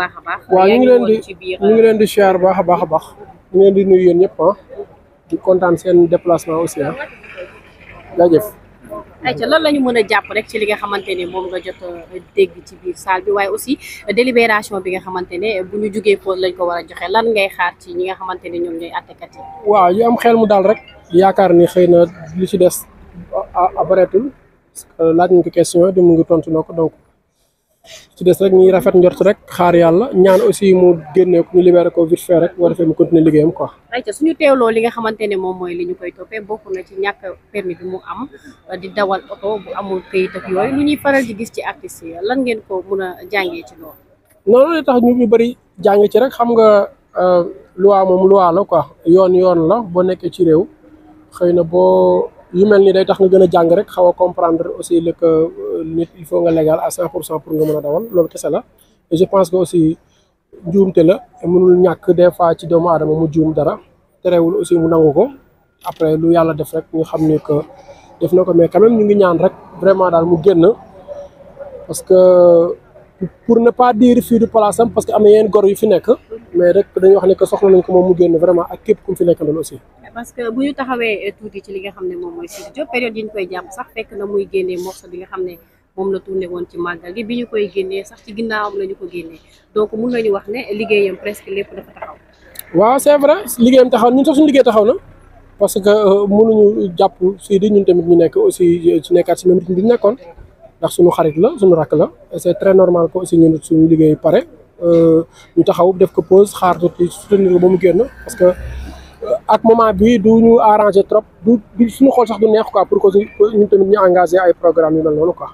baax a baax. waaw ñu ngi leen di ñu ngi euh, leen di siyaar baax a baax a baax ñu ngi di nuyu yéen ñëpp ah di kontaan seen déplacement aussi ah jaajëf. ayca mën a jàpp rek ci li nga xamante ne moom nga jot dégg ci biir salle bi waaye aussi délibération bi nga xamante ne bu ñu jugee pause lañ ko war a joxe lan ngay xaar ci ñi nga xamante ne ñoom ñooy àttekat yi. waa yu am xel mu daal rek. yaakaar ni xëy na li ci des a bareetul euh, laaj ko question di mu ngi tontu na ko donc. ci des rek ñuy rafet njort rek xaar yàlla ñaan aussi mu génne ko ñu libéré ko vite fait rek war defee mu continuer liggéeyam quoi. ayca suñu teewloo li nga xamante ne moom mooy li ñu koy toppee bokk na ci ñàkk permis bi mu am di dawal oto bu amul këyit ak yooyu lu ñuy faral di gis ci artistes yi lan ngeen ko mën a jàngee ci loolu. noonu la tax ñu ñu bëri jàng ci rek xam nga euh, loi moom loi la quoi yoon yoon la boo nekkee ci réew xëy na boo. yu mel nii day tax nga gën a jàng rek xaw a comprendre aussi le que euh, nit il faut nga légal à cent pour cent pour nga mën a dawal loolu kese la et je pense que aussi njuumte la mënul ñàkk des fois ci doomu aadama mu juum dara terewul aussi mu nangu ko après lu yàlla def rek ñu xam ni que def na ko mais quand même ñu ngi ñaan rek vraiment daal mu génn parce que pour ne pas dire fii du palaasam parce que am na yeneen gor yu fi nekk mais rek dañuy wax ne que soxla nañ ko moom mu génn vraiment ak képp ku mu fi nekkandoo aussi. parce que bu ñu taxawee tuuti ci li nga xam ne moom mooy Sidi Diop période yi ñu koy jàpp sax fekk na xam ne moom la tourné woon ko génnee donc mun nañu wax ne liggéeyam presque lépp dafa taxaw. waaw c'est vrai liggéeyam taxaw ñun sax suñu liggéey taxaw na parce que euh, mënuñu jàpp Sidi ñun tamit ñu nekk aussi ci nekkaat si même rythme bi ñu nekkoon ndax suñu xarit la suñu rakk la c'est très normal que liggéey pare Euh, ñu taxaw def ko pose xaar tuuti soutenir ba mu génn parce que euh, ak moment bi du ñu arrangé trop du suñu xool sax du neex quoi pour que ñu tamit ñu engagé ay programme yi mel noonu quoi